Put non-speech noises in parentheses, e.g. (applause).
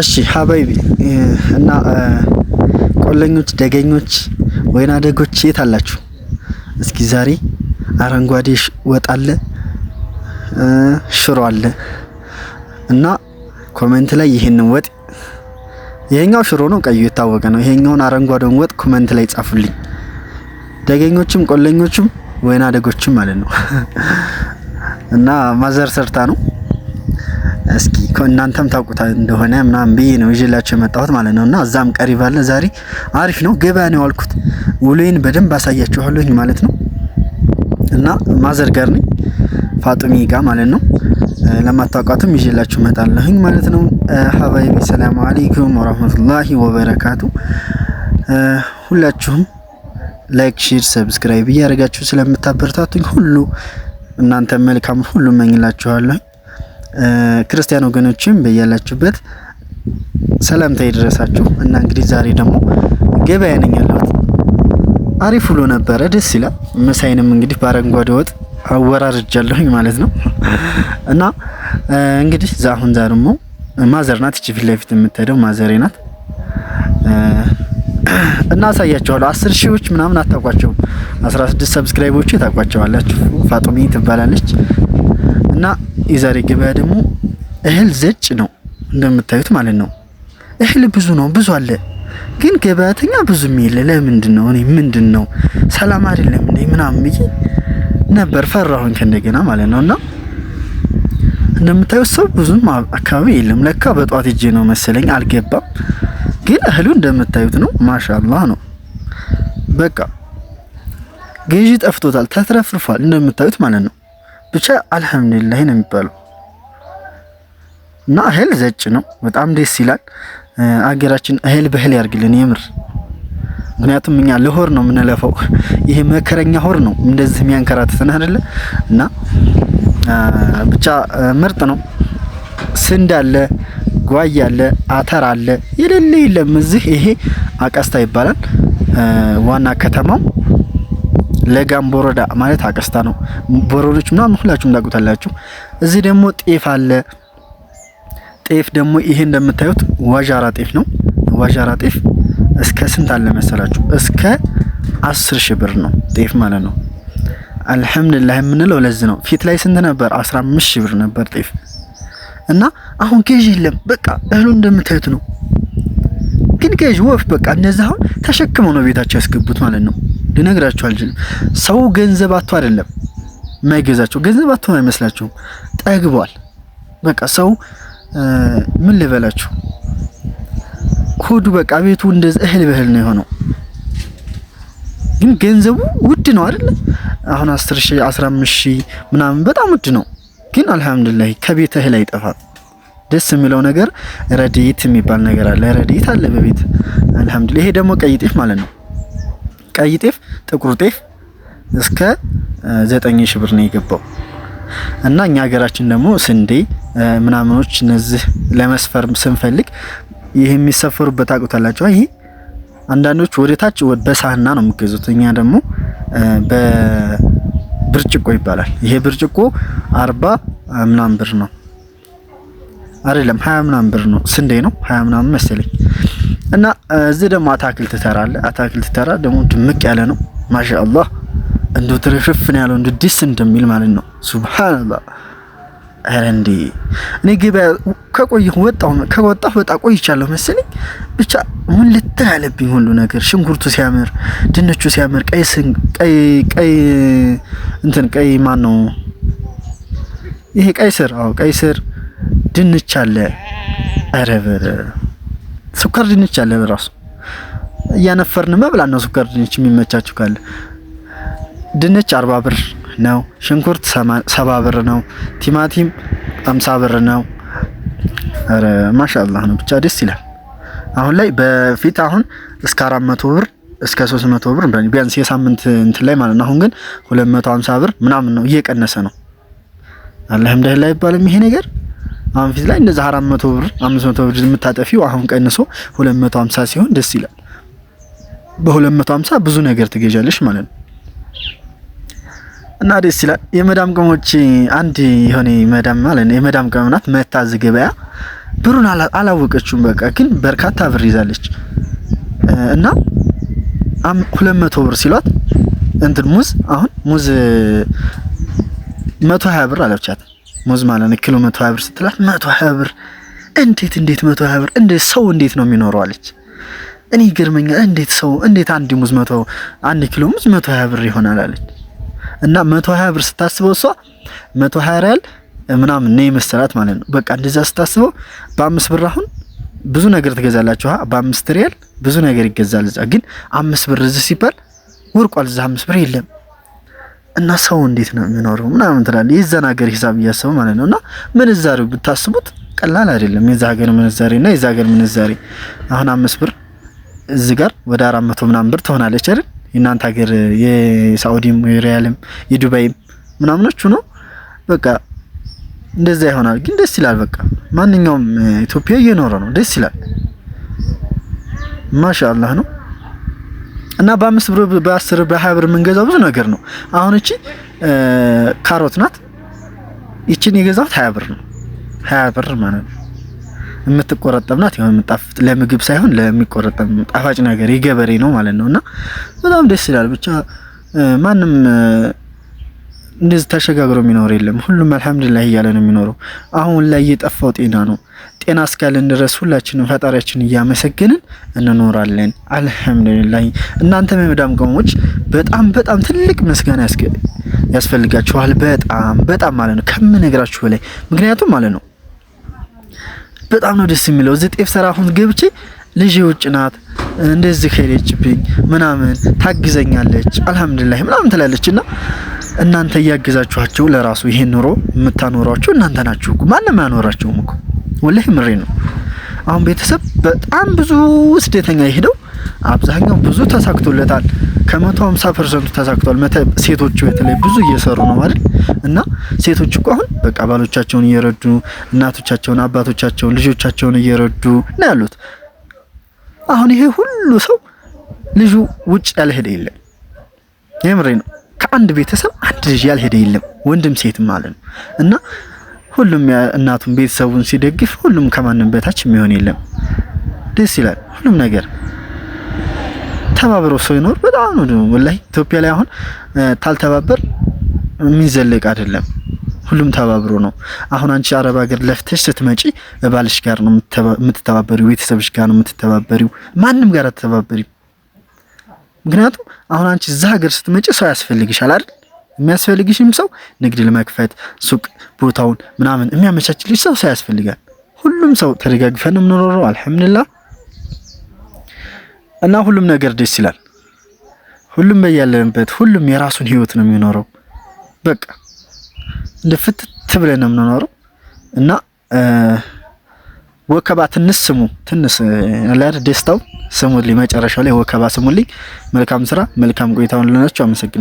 እሺ ሀባይቢ እና ቆለኞች፣ ደገኞች፣ ወይና ደጎች የት አላችሁ? እስኪ ዛሬ አረንጓዴ ወጥ አለ፣ ሽሮ አለ እና ኮመንት ላይ ይህንን ወጥ ይሄኛው ሽሮ ነው፣ ቀዩ የታወቀ ነው። ይሄኛውን አረንጓዴውን ወጥ ኮመንት ላይ ጻፉልኝ። ደገኞችም ቆለኞችም ወይና ደጎችም ማለት ነው (laughs) እና ማዘር ሰርታ ነው እስኪ እናንተም ታውቁታ እንደሆነ ምናምን ብዬ ነው ይዤላቸው የመጣሁት ማለት ነው። እና እዛም ቀሪብ አለ ዛሬ አሪፍ ነው። ገበያ ነው ያልኩት። ውሎዬን በደንብ አሳያችኋለሁኝ ማለት ነው። እና ማዘር ጋር ነኝ ፋጡሚ ጋር ማለት ነው። ለማታውቋትም ይዤላችሁ እመጣለሁኝ ማለት ነው። ሀባይቢ ሰላም አለይኩም ወራህመቱላሂ ወበረካቱ። ሁላችሁም ላይክ፣ ሼር፣ ሰብስክራይብ እያደረጋችሁ ስለምታበረታቱኝ ሁሉ እናንተ መልካም ሁሉ እመኝላችኋለሁ። ክርስቲያን ወገኖችም በያላችሁበት ሰላምታ ይድረሳችሁ እና እንግዲህ ዛሬ ደግሞ ገበያ ነኝ ያለሁት። አሪፍ ውሎ ነበረ፣ ደስ ይላል። መሳይንም እንግዲህ በአረንጓዴ ወጥ አወራርጃለሁኝ ማለት ነው እና እንግዲህ አሁን ዛ ደግሞ ማዘር ናት፣ እቺ ፊት ለፊት የምትሄደው ማዘሬ ናት። እና እናሳያቸዋለሁ። አስር ሺዎች ምናምን አታውቋቸውም። አስራ ስድስት ሰብስክራይቦች ታውቋቸዋላችሁ። ፋጡሚ ትባላለች እና የዛሬ ገበያ ደግሞ እህል ዘጭ ነው እንደምታዩት ማለት ነው። እህል ብዙ ነው፣ ብዙ አለ። ግን ገበያተኛ ብዙ የለ። ለምንድን ነው እኔ ምንድን ነው ሰላም አይደለም እንዴ ምናምን ብዬ ነበር ፈራሁኝ ከእንደገና ማለት ነው እና እንደምታዩት ሰው ብዙም አካባቢ የለም። ለካ በጧት እጄ ነው መሰለኝ አልገባም። ግን እህሉ እንደምታዩት ነው። ማሻአላህ ነው። በቃ ገዢ ጠፍቶታል፣ ተትረፍርፏል እንደምታዩት ማለት ነው። ብቻ አልሐምዱሊላህ ነው የሚባለው። እና እህል ዘጭ ነው፣ በጣም ደስ ይላል። አገራችን እህል በህል ያርግልን የምር። ምክንያቱም እኛ ለሆር ነው የምንለፈው። (laughs) ይሄ መከረኛ ሆር ነው እንደዚህ የሚያንከራትተን አይደለ? እና ብቻ ምርጥ ነው። ስንድ አለ ጓያ አለ፣ አተር አለ፣ የሌለ የለም እዚህ። ይሄ አቀስታ ይባላል። ዋና ከተማው ለጋምቦ ወረዳ ማለት አቀስታ ነው። ቦረዶች ምናምን ሁላችሁም ታውቁታላችሁ። እዚህ ደግሞ ጤፍ አለ። ጤፍ ደግሞ ይሄ እንደምታዩት ዋዣራ ጤፍ ነው። ዋዣራ ጤፍ እስከ ስንት አለ መሰላችሁ? እስከ አስር ሺህ ብር ነው ጤፍ ማለት ነው። አልሐምዱሊላህ የምንለው ለዚህ ነው። ፊት ላይ ስንት ነበር? አስራ አምስት ሺህ ብር ነበር ጤፍ እና አሁን ኬጅ የለም። በቃ እህሉ እንደምታዩት ነው። ግን ኬጅ ወፍ በቃ እነዚህ አሁን ተሸክመው ነው ቤታቸው ያስገቡት ማለት ነው። ልነግራቸው አልችልም። ሰው ገንዘብ አቶ አይደለም የማይገዛቸው ገንዘብ አጥቶ አይመስላችሁም። ጠግቧል። በቃ ሰው ምን ልበላችሁ ሆዱ በቃ ቤቱ እንደዚህ እህል በህል ነው የሆነው። ግን ገንዘቡ ውድ ነው አይደለ? አሁን 10 ሺህ 15 ሺህ ምናምን በጣም ውድ ነው። ግን አልሐምዱሊላህ ከቤት እህል ጠፋ። ደስ የሚለው ነገር ረድኢት የሚባል ነገር አለ። ረድኢት አለ በቤት አልሐምዱሊላህ። ይሄ ደግሞ ቀይ ጤፍ ማለት ነው። ቀይ ጤፍ፣ ጥቁር ጤፍ እስከ ዘጠኝ ሺህ ብር ነው የገባው እና እኛ ሀገራችን ደግሞ ስንዴ ምናምኖች እነዚህ ለመስፈር ስንፈልግ ይህ የሚሰፈሩበት አቁታላቸው ይህ አንዳንዶች ወደ ታች በሳህና ነው የሚገዙት። እኛ ደግሞ ብርጭቆ ይባላል። ይሄ ብርጭቆ አርባ ምናምን ብር ነው አይደለም፣ ሀያ ምናምን ብር ነው። ስንዴ ነው ሀያ ምናምን መሰለኝ። እና እዚህ ደግሞ አታክልት ተራ አለ። አታክልት ተራ ደግሞ ድምቅ ያለ ነው። ማሻአላህ እንዶ ትርፍፍን ያለው እንዶ ደስ እንደሚል ማለት ነው። ሱብሃንአላህ። አረንዲ እንዴ እኔ ገበያ ከቆየሁ ወጣሁ ከወጣሁ በጣም ቆይቻለሁ መሰለኝ። ብቻ ምን ሙልትን አለብኝ ሁሉ ነገር ሽንኩርቱ ሲያምር፣ ድንቹ ሲያምር፣ ቀይ ስን ቀይ ቀይ እንትን ቀይ ማን ነው ይሄ ቀይ ስር? አዎ ቀይ ስር ድንች አለ። ኧረ በረ ስኳር ድንች አለ። በራሱ እያነፈርን መብላት ነው። ስኳር ድንች የሚመቻችሁ ካለ ድንች አርባ ብር ነው። ሽንኩርት ሰባ ብር ነው። ቲማቲም አምሳ ብር ነው። አረ ማሻአላህ ነው ብቻ ደስ ይላል። አሁን ላይ በፊት አሁን እስከ 400 ብር እስከ 300 ብር ቢያንስ የሳምንት እንትን ላይ ማለት ነው። አሁን ግን 250 ብር ምናምን ነው እየቀነሰ ነው። አላህም ደህ ላይ ይባልም ይሄ ነገር። አሁን ፊት ላይ እንደዛ 400 ብር 500 ብር የምታጠፊው አሁን ቀንሶ 250 ሲሆን ደስ ይላል። በ250 ብዙ ነገር ትገዣለሽ ማለት ነው። እና ደስ ይላል። የመዳም ቅሞች አንድ የሆነ መዳም ማለት ነው የመዳም ቅመናት መታዝ ገበያ ብሩን አላወቀችውም። በቃ ግን በርካታ ብር ይዛለች እና ሁለት መቶ ብር ሲሏት እንትን ሙዝ አሁን ሙዝ መቶ ሀያ ብር አለቻት። ሙዝ ማለት ነው ኪሎ መቶ ሀያ ብር ስትላት መቶ ሀያ ብር እንዴት እንዴት መቶ ሀያ ብር እንዴት ሰው እንዴት ነው የሚኖረው አለች። እኔ ይገርመኛል። እንዴት ሰው እንዴት አንድ ሙዝ መቶ አንድ ኪሎ ሙዝ መቶ ሀያ ብር ይሆናል አለች። እና መቶ ሀያ ብር ስታስበው እሷ መቶ ሀያ ሪያል ምናምን ነው የመሰላት ማለት ነው። በቃ እንደዛ ስታስበው በአምስት ብር አሁን ብዙ ነገር ትገዛላችሁ። በአምስት ሪያል ብዙ ነገር ይገዛል። እዛ ግን አምስት ብር እዚህ ሲባል ወርቋል። እዛ አምስት ብር የለም እና ሰው እንዴት ነው የሚኖረው ምናምን ትላለህ። የዛን ሀገር ሂሳብ እያሰቡ ማለት ነው። እና ምንዛሬው ብታስቡት ቀላል አይደለም። የዛ ሀገር ምንዛሬ እና የዛ ሀገር ምንዛሬ አሁን አምስት ብር እዚህ ጋር ወደ አራት መቶ ምናምን ብር ትሆናለች አይደል? የእናንተ ሀገር የሳውዲም ፣ የሪያልም የዱባይም ምናምኖቹ ነው። በቃ እንደዛ ይሆናል። ግን ደስ ይላል። በቃ ማንኛውም ኢትዮጵያ እየኖረ ነው። ደስ ይላል። ማሻአላህ ነው። እና በአምስት ብር በአስር በሀያ ብር የምንገዛው ብዙ ነገር ነው። አሁን እቺ ካሮት ናት። ይችን የገዛሁት ሀያ ብር ነው። ሀያ ብር ማለት ነው። የምትቆረጠም ናት። የሆነ የምጣፍጥ ለምግብ ሳይሆን ለሚቆረጠም ጣፋጭ ነገር የገበሬ ነው ማለት ነው እና በጣም ደስ ይላል። ብቻ ማንም እንደዚህ ተሸጋግሮ የሚኖር የለም። ሁሉም አልሐምዱሊላህ እያለ ነው የሚኖረው። አሁን ላይ የጠፋው ጤና ነው። ጤና እስካለን ድረስ ሁላችንም ፈጣሪያችን እያመሰገንን እንኖራለን። አልሐምዱሊላህ። እናንተ መዳም ቅመሞች በጣም በጣም ትልቅ ምስጋና ያስፈልጋችኋል። በጣም በጣም ማለት ነው ከምነግራችሁ በላይ ምክንያቱም ማለት ነው በጣም ነው ደስ የሚለው። እዚህ ጤፍ ሰራ አሁን ገብቼ ልጅ ውጭ ናት እንደዚህ ከሄደችብኝ ምናምን ታግዘኛለች አልሐምዱሊላህ ምናምን ትላለች። እና እናንተ እያገዛችኋቸው ለራሱ ይሄን ኑሮ የምታኖሯቸው እናንተ ናችሁ። ማንም አያኖራቸውም እኮ ወላሂ ምሬ ነው። አሁን ቤተሰብ በጣም ብዙ ስደተኛ ይሄደው አብዛኛው ብዙ ተሳክቶለታል። ከመቶ ሀምሳ ፐርሰንቱ ተሳክቷል። ሴቶቹ በተለይ ብዙ እየሰሩ ነው ማለት እና ሴቶች እኮ አሁን በቃ ባሎቻቸውን እየረዱ እናቶቻቸውን፣ አባቶቻቸውን፣ ልጆቻቸውን እየረዱ ነው ያሉት። አሁን ይሄ ሁሉ ሰው ልጁ ውጭ ያልሄደ የለም። የምሬ ነው። ከአንድ ቤተሰብ አንድ ልጅ ያልሄደ የለም፣ ወንድም ሴትም ማለት ነው እና ሁሉም እናቱን ቤተሰቡን ሲደግፍ ሁሉም ከማንም በታች የሚሆን የለም። ደስ ይላል ሁሉም ነገር። የሚተባበረው ሰው ይኖር። በጣም ነው ወላሂ። ኢትዮጵያ ላይ አሁን ታልተባበር የሚዘለቅ አይደለም። ሁሉም ተባብሮ ነው። አሁን አንቺ አረብ ሀገር ለፍተሽ ስትመጪ ባልሽ ጋር ነው የምትተባበሪው፣ ቤተሰብሽ ጋር ነው የምትተባበሪው፣ ማንም ጋር አትተባበሪው። ምክንያቱም አሁን አንቺ እዛ ሀገር ስትመጪ ሰው ያስፈልግሻል አይደል? የሚያስፈልግሽም ሰው ንግድ ለመክፈት ሱቅ ቦታውን ምናምን የሚያመቻችልሽ ሰው ሰው ያስፈልጋል። ሁሉም ሰው ተደጋግፈን የምንኖረው አልሐምዱሊላህ እና ሁሉም ነገር ደስ ይላል። ሁሉም በያለንበት ሁሉም የራሱን ህይወት ነው የሚኖረው። በቃ እንደ ፍትት ብለን ነው የምንኖረው እና ወከባ ትንሽ ስሙ ትንሽ ለር ደስታው ስሙልኝ። መጨረሻው ላይ ወከባ ስሙልኝ። መልካም ስራ፣ መልካም ቆይታውን ልናችሁ። አመሰግናለሁ።